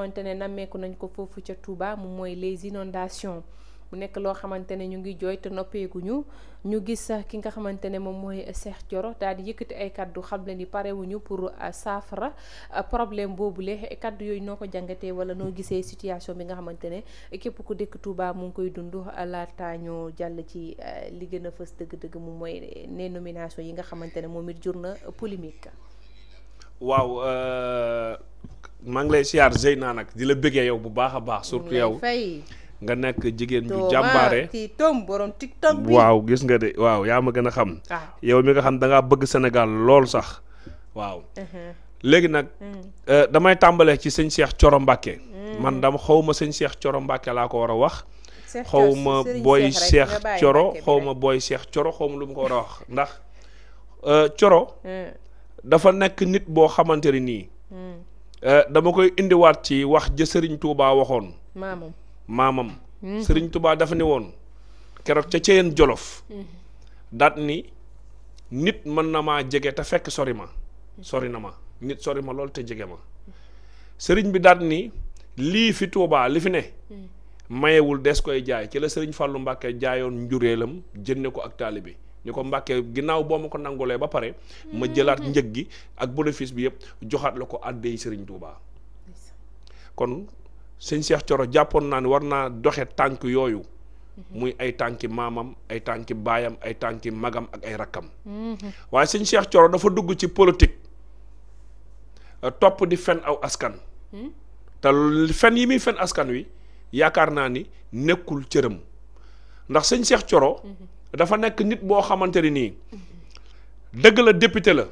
xamante ne nammeeku nañ ko foofu ca Touba moom mooy les inondations mu nekk loo xamante ne ñu ngi jooy te noppeekuñu ñu gis ki nga xamante ne moom mooy Cheikh Thioro daal di yëkkati ay kaddu xam leen ni parewuñu pour euh, saafara euh, problème boobule kaddu yooyu noo ko jàngatee wala noo gisee situation bi nga xamante ne képp ku dëkk Touba mu ngi koy dund euh, laata ñoo jàll ci li gën a fës dëgg-dëgg moom mooy ne nomination yi nga xamante ne moom it jur na polimique waaw. maa ngi lay siyaar naa nag di la bëggee yow bu baax a baax. surtout yow nga nekk jigéen ju jàmbaare tom borom tiktok bi waaw gis nga de waaw yaa ma gën a xam. Ah. yow mi nga xam da ngaa bëgg Sénégal lool sax waaw. Uh-huh. léegi nag mm. euh, damay tàmbalee ci sëñ Cheikh Coro Mbacke. Mm. man dama xaw ma sëñ Cheikh Coro Mbacke laa ko war a wax. xaw ma booy Cheikh Coro xaw ma booy Cheikh Coro xaw ma lu mu ko war a wax ndax Coro. Euh, mm. dafa nekk nit boo xamante ne nii. Eh, dama koy indiwaat ci wax ja sëriñ Touba waxoon. maamam maamam. Mm-hmm. sëriñ Touba dafa ne woon keroog ca Ceyeen Jolof. Mm-hmm. daat ni nit mën na maa jege te fekk sori ma mm-hmm. sori na ma nit sori ma loolu te jege ma sëriñ bi daat ni lii fi Touba li fi ne. mayewul des koy jaay ci la sëriñ fàllu Mbacke jaayoon njureelam jënde ko ak taalibe bi. ñu ko mbàkkee ginnaaw boo ma ko nangulee ba pare ma mm-hmm. jëlaat njëg gi ak bénéfice bi yëpp joxaat la ko àddeey Serigne Touba kon sëñ Cheikh Thioro jàppoon naa ne war naa doxe tànk yooyu mm-hmm. muy ay tànki maamam ay tànki baayam ay tànki magam ak ay rakkam mm-hmm. waaye sëñ Cheikh Thioro dafa dugg ci politique topp di fen aw askan te fen yi muy fen askan wi yaakaar naa ni nekkul cëram ndax sëñ Cheikh Thioro dafa nekk nit boo xamante ne nii dëgg la député la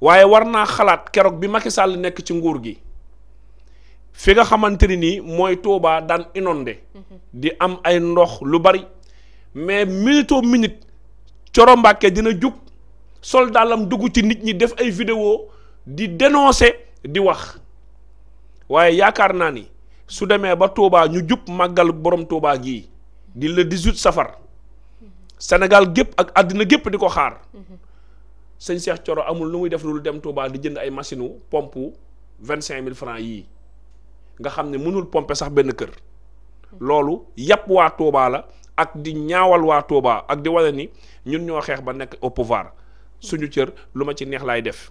waaye war naa xalaat keroog bi Macky Sall nekk ci nguur gi fi nga xamante ne nii mooy Touba daan inondé di am ay ndox lu bari mais minute minit minute Coro Mbacké dina jug sol dugg ci nit ñi def ay vidéo di dénoncer di wax waaye yaakaar naa ni su demee ba Touba ñu jub màggal borom Touba gii di le 18 safar Sénégal gépp ak àddina gépp di ko xaar sëñ Cheikh Thioro amul lu muy def lu dem Touba di jënd ay machine u pompe vingt cinq mille francs yii nga xam ne mënul pompe sax benn kër loolu yàpp waa Touba la ak di ñaawal waa Touba ak di wane ni ñun ñoo xeex ba nekk au pouvoir suñu cër lu ma ci neex laay def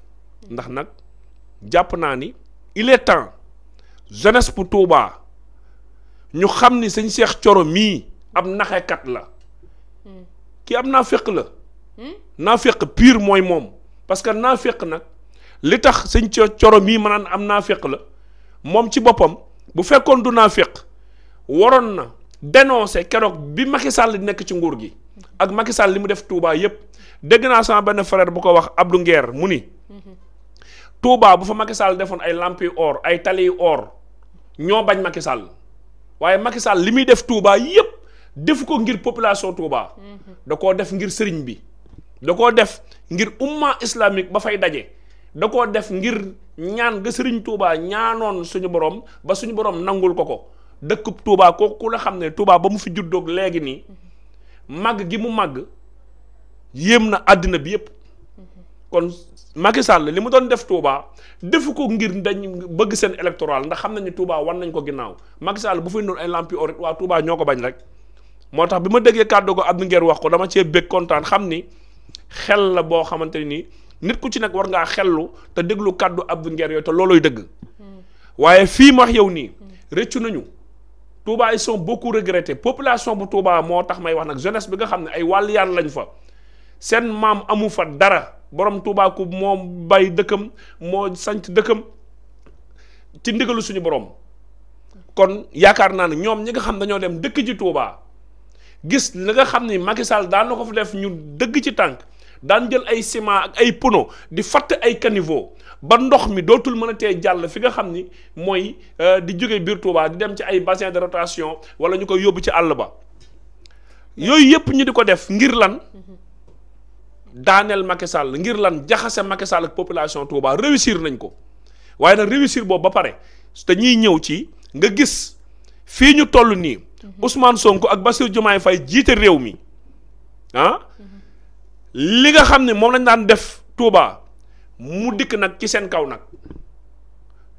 ndax nag jàpp naa ni il est temps jeunesse bu Touba ñu xam ni sëñ seex coro mii ab naxekat la kii am naa féq la naa féq piir mooy moom parce que naa féq nag li tax sëñ coro mii manaan am naa féq la moom ci boppam bu fekkoon du naa féq waroon na dénoncé keroog bi Macky Sall di nekk ci nguur gi ak Macky Sall li mu def Touba yépp dégg naa sama benn frère bu ko wax Abdou Nguer mu ni Touba bu fa Macky Sall defoon ay lampi or ay tali or ñoo bañ Macky Sall waaye Macky Sall li muy def Touba yépp defu ko ngir population Touba. da koo def ngir sëriñ bi. da koo def ngir umma islamique ba fay daje. da koo def ngir ñaan ga sëriñ Touba ñaanoon suñu borom ba suñu borom nangul ko ko dëkk Touba kooku la xam ne Touba ba mu fi juddoog léegi nii màgg gi mu màgg yéem na àddina bi yépp kon Macky li mu doon def Touba def ko ngir dañ bëgg seen électoral ndax xam nañu Touba war nañ ko ginnaaw Macky Sall bu fay noonu ay lampi orit waa Touba ñoo ko bañ rek. moo tax bi ma déggee kàddu ko ab Nguer wax ko dama cee bég kontaan xam ni xel la boo xamante nii nit ku ci nag war ngaa xelu te déglu kàddu Abdou Nguer yooyu te loolooy dëgg hmm. waaye fii ma wax yow nii hmm. rëccu nañu Touba ils bokku beaucoup regrettés population bu Touba moo tax may wax nag jeunesse bi nga xam ne ay wàll yaan lañ fa seen maam amu fa dara boroom Touba ku moo bay dëkkam moo sanc dëkkam ci ndigalu suñu borom kon yaakaar naa ne ñoom ñi nga xam dañoo dem dëkk ji Touba. gis li nga xam ni Macky Sall daan na ko fa def ñu dëgg ci tànk daan jël ay ciment ak ay pono di fatt ay caniveau ba ndox mi dootul mën a tee jàll fi nga xam ni mooy euh, di jóge biir Touba di dem ci ay bassin de rotation wala ñu koy yóbbu ci àll ba yooyu yëpp ñu di ko def ngir lan daaneel Macky Sall ngir lan jaxase Macky ak population Touba réussir nañ ko waaye nag réussir boobu ba pare te ñuy ñëw ci nga gis fii ñu toll nii. Mhm. Ousmane Sonko ak Bassirou Diomaye fay jiite réew mi ah? mhm. li nga xam ne moom lañ daan def Touba mu mhm. dikk nag ci seen kaw nag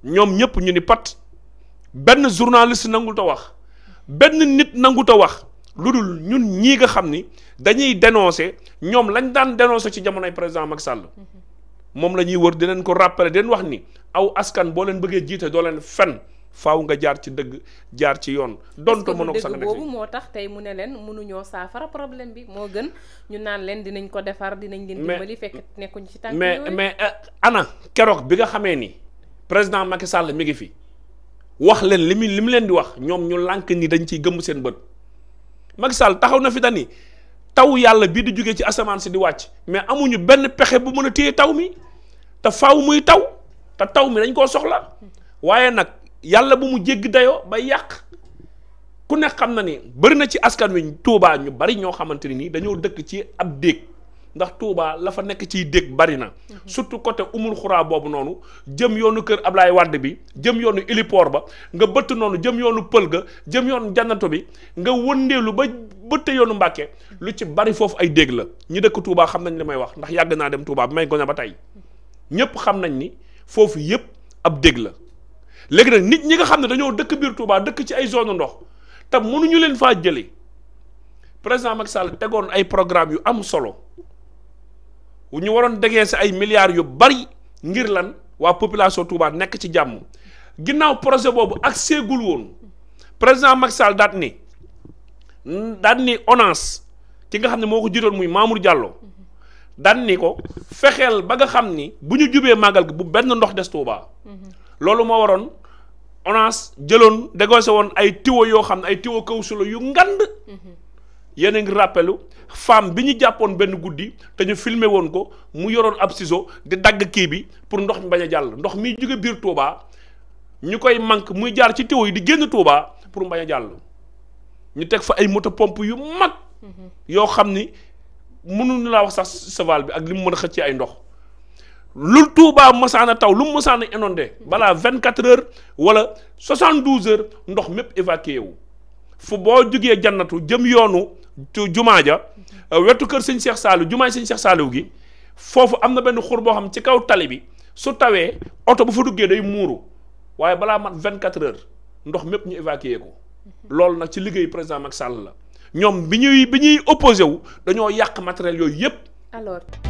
ñoom ñëpp ñu ni pat benn journaliste nangu ta wax benn nit nangu ta wax lu dul ñun ñii nga xam ni dañuy dénoncer ñoom lañ daan dénoncer ci jamonoy président mak Sall moom la ñuy wër di leen ko rappeler di leen wax ni aw askan boo leen bëggee jiite doo leen fen faaw nga jaar ci dëgg jaar ci yoon. donto mënoo ko moo tax tey ne leen mënuñoo saafara problème bi moo gën ñu naan leen dinañ ko defar dinañ leen dimbali fekk nekkuñ ci tànk mais mais eh, ana keroog bi nga xamee ni président Macky Sall mi ngi fi wax leen li mu li mu leen di wax ñoom ñu lànk ni dañ ciy gëmm seen bët Macky Sall taxaw na fi dani taw yàlla bii di jógee ci asamaan si di wàcc mais amuñu benn pexe bu mën a téye taw mi te faw muy taw te taw mi dañ koo soxla waaye nag. yàlla bu mu jégg dayoo ba yàq ku ne xam na ni bëri na ci askan wi Touba ñu bari ñoo xamante ni nii dañoo dëkk ci ab déeg ndax Touba la fa nekk ciy dégg bari na. Mhm. surtout côté umul xuraa boobu noonu jëm yoonu kër ab Ablaye Wade bi jëm yoonu héliport ba nga bëtt noonu jëm yoonu pël ga jëm yoonu jànnato bi nga wëndeelu ba bëtte yoonu Mbàkke lu ci bari foofu ay déeg la ñi dëkk tuubaa xam nañ li may wax ndax yàgg naa dem Touba bi may gone ba tey ñëpp xam nañ ni foofu yëpp ab déeg la. léegi nag nit ñi nga xam ne dañoo dëkk biir Touba dëkk ci ay zone ndox te mënuñu leen faa jële président Macky tegoon ay programme yu am solo ñu waroon degee si ay milliards yu bari ngir lan waa population Touba nekk ci jàmm ginnaaw projet boobu ak seegul woon président Macky Sall daat ni daat ni ONAS ki nga xam ne moo ko jiitoon muy Mamour jàlloo daat ni ko fexeel ba nga xam ni bu ñu jubee màggal gi bu benn ndox des Touba mm-hmm. loolu moo waroon ONAS jëloon dégoosé woon ay tiwo yoo xam ne ay tiwo kaw solo yu ngand yeneen a ngi rappelu femme bi ñu jàppoon benn guddi te ñu filmé woon ko mu yoroon ab ciseau di dagg kii bi pour ndox mi bañ a jàll ndox miy jóge biir Touba ñu koy manque muy jaar ci tiwo yi di génn Touba pour bañ a jàll ñu teg fa ay moto pomp yu mag mhm. yoo xam ni mënuñu laa wax sax cheval bi ak li mu mën a xëccee ay ndox lu Touba masaana taw lu masaana inondé balaa vingt quatre heures wala soixante douze heures ndox mépp évacué wu fu boo jógee jannatu jëm yoonu jumaa ja euh, wetu kër sëñ Cheikh Saliou jumaay sëñ Cheikh Saliou gi foofu am na benn xur boo xam ci kaw tali bi su tawee oto bu fa duggee day muuru waaye balaa man vingt quatre heures ndox mépp ñu évacué ko loolu nag ci liggéey président Macky Sall la ñoom bi ñuy bi ñuy opposé wu dañoo yàq matériel yooyu yépp